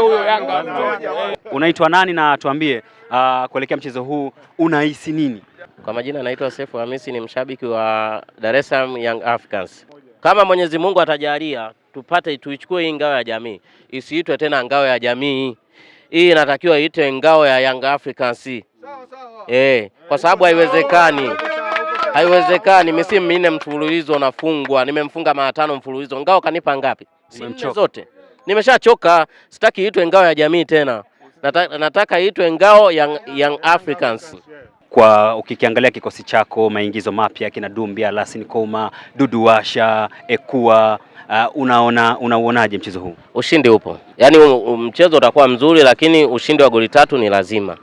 huyo huyo Yanga. Unaitwa nani na tuambie, uh, kuelekea mchezo huu unahisi nini? Kwa majina naitwa Sefu Hamisi, ni mshabiki wa Dar es Salaam Young Africans. Kama Mwenyezi Mungu atajalia tupate tuichukue hii ngao ya jamii, isiitwe tena ngao ya jamii, hii inatakiwa iitwe ngao ya Young Africans eh, kwa sababu haiwezekani haiwezekani misimu minne mfululizo unafungwa. Nimemfunga mara tano mfululizo, ngao kanipa ngapi? Si zote Nimeshachoka, sitaki itwe ngao ya jamii tena, nataka, nataka itwe ngao young, young Africans. Kwa ukikiangalia kikosi chako, maingizo mapya kina Dumbia, Lasin Koma, Duduwasha, Ekua, uh, unaona unauonaje mchezo huu? Ushindi upo, yaani mchezo utakuwa mzuri, lakini ushindi wa goli tatu ni lazima.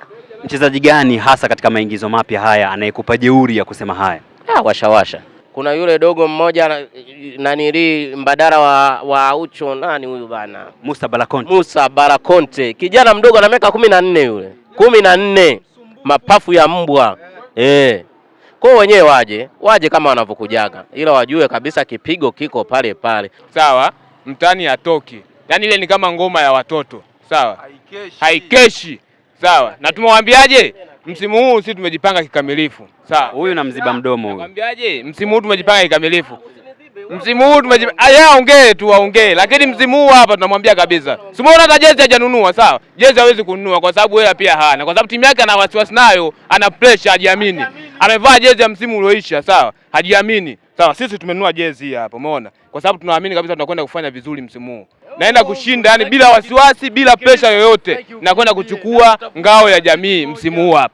Mchezaji gani hasa katika maingizo mapya haya anayekupa jeuri ya kusema haya? Ah, washawasha kuna yule dogo mmoja nanili mbadala wa, wa ucho nani huyu bana, Musa Barakonte. Musa Barakonte kijana mdogo ana miaka kumi na nne yule kumi na nne mapafu ya mbwa eh. Kwa wenyewe waje waje kama wanavyokujaga, ila wajue kabisa kipigo kiko pale pale, sawa. Mtani atoki, yani ile ni kama ngoma ya watoto, sawa, haikeshi, haikeshi. sawa na tumewambiaje Msimu huu sisi tumejipanga kikamilifu. Sawa. Huyu na mziba mdomo huyu. Nakwambiaje? Msimu huu tumejipanga kikamilifu. Msimu huu tumejipanga aya ah, ongee tu aongee, lakini msimu huu hapa tunamwambia kabisa. Si umeona hata jezi hajanunua, sawa? Jezi hawezi kununua kwa sababu yeye pia hana. Kwa sababu timu yake ana wasiwasi nayo, ana pressure, hajiamini. Amevaa jezi ya msimu ulioisha, sawa? Hajiamini. Sawa, sisi tumenunua jezi hii hapa, umeona? Kwa sababu tunaamini kabisa tunakwenda kufanya vizuri msimu huu. Naenda kushinda yani bila wasiwasi, bila pressure yoyote. Nakwenda kuchukua ngao ya jamii msimu huu hapa.